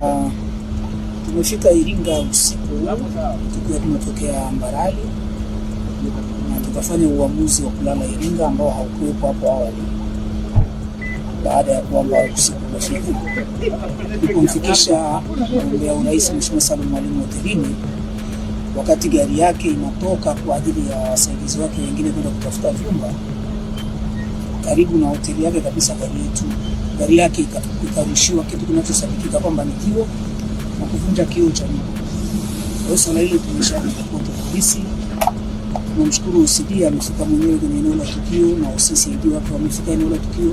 Uh, tumefika Iringa usiku tukiwa tumetokea Mbarali na tukafanya uamuzi wa kulala Iringa ambao haukuwepo hapo awali, baada ya kwamba usiku umefika tulipomfikisha mgombea urais Mheshimiwa Salum Mwalimu hotelini wakati gari yake inatoka kwa ajili ya wasaidizi wake wengine kwenda kutafuta vyumba karibu na hoteli yake kabisa, gari yetu gari yake ikarushiwa kitu kinachosadikika kwamba ni kio na kuvunja kioo cha nyuma. Kwa hiyo swala hilo tumesharipoti polisi. Tunamshukuru OCD amefika mwenyewe kwenye eneo la tukio na OCCID wake wamefika eneo la tukio.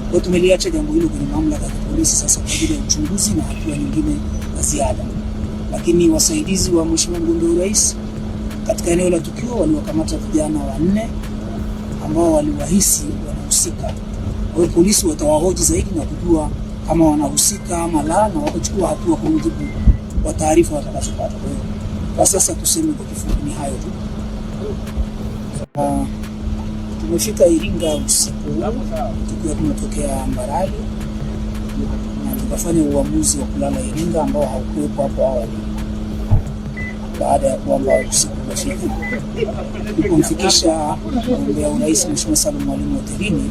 Kwa hiyo tumeliacha jambo hilo kwenye mamlaka ya polisi sasa kwa ajili ya uchunguzi na hatua nyingine za ziada, lakini wasaidizi wa mheshimiwa mgombea urais katika eneo la tukio waliwakamata vijana wanne ambao waliwahisi wanahusika. Kwa hiyo polisi watawahoji zaidi na kujua kama wanahusika ama la, na watachukua hatua kwa mujibu wa taarifa watakazopata. Kwa hiyo kwa sasa tuseme kwa kifupi ni hayo tu. Ah, tumefika Iringa usiku tukiwa tumetokea Mbarali na tukafanya uamuzi wa kulala Iringa ambao haukuwepo hapo awali baada ya kwamba usiku umefika kumfikisha mgombea urais Mheshimiwa Salum Mwalimu hotelini,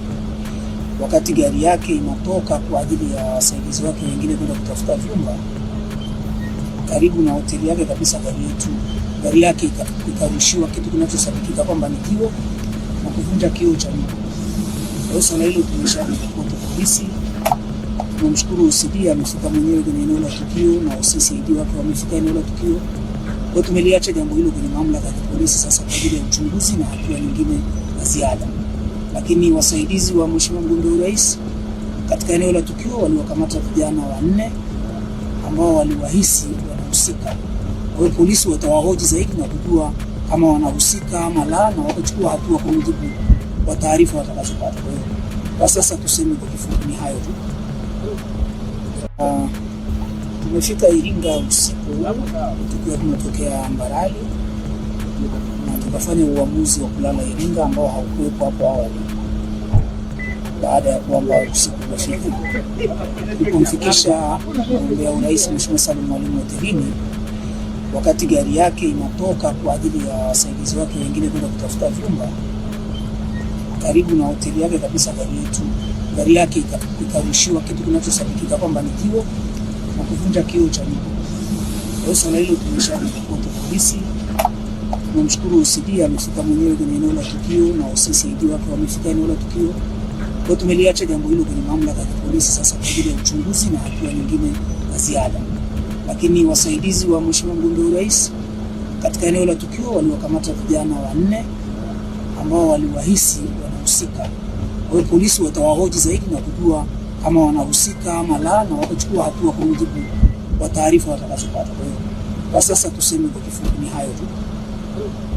wakati gari yake inatoka kwa ajili ya wasaidizi wake wengine kwenda kutafuta vyumba karibu na hoteli yake kabisa, gari yetu gari yake ikarushiwa kitu kinachosadikika kwamba ni kio na kuvunja kio cha nyuma. Kwa hiyo swala hilo tumesharipoti polisi. Tunamshukuru OCD amefika mwenyewe kwenye eneo la tukio na OCD wake wamefika eneo la tukio. Kwa tumeliacha jambo hilo kwenye mamlaka ya polisi sasa kwa ajili ya uchunguzi na hatua nyingine za ziada. Lakini wasaidizi wa mheshimiwa mgombea urais katika eneo la tukio waliwakamata vijana wanne ambao waliwahisi wanahusika. Kwa hiyo polisi watawahoji zaidi na kujua kama wanahusika ama la, na watachukua hatua kwa mujibu wa taarifa watakazopata. Kwa hiyo kwa sasa tuseme kwa kifupi ni hayo tu. Uh, Tumefika Iringa usiku tukiwa tumetokea Mbarali na tukafanya uamuzi wa kulala Iringa ambao haukuwepo hapo awali, baada ya kwamba usiku umefika. Tulipomfikisha mgombea urais Mheshimiwa Salim Mwalimu hotelini, wakati gari yake inatoka kwa ajili ya wasaidizi wake wengine kwenda kutafuta vyumba karibu na hoteli yake kabisa, gari yetu gari yake ikarushiwa kitu kinachosadikika kwamba ni jiwe kuvunja kio cha nyumba. Kwa swala hilo tumeshalipota polisi. Tunamshukuru OCD amefika mwenyewe kwenye eneo la tukio na OCCID wake wamefika eneo la tukio. Kwa tumeliacha jambo hilo kwenye mamlaka ya polisi sasa kwa ajili ya uchunguzi na hatua nyingine za ziada. Lakini wasaidizi wa Mheshimiwa mgombea urais katika eneo la tukio waliwakamata vijana wanne ambao waliwahisi wanahusika. Kwa hiyo polisi watawahoji zaidi na kujua kama wanahusika ama la, na wakachukua hatua kwa mujibu wa taarifa watakazopata. Kwa hiyo kwa sasa tuseme kwa kifupi ni hayo tu.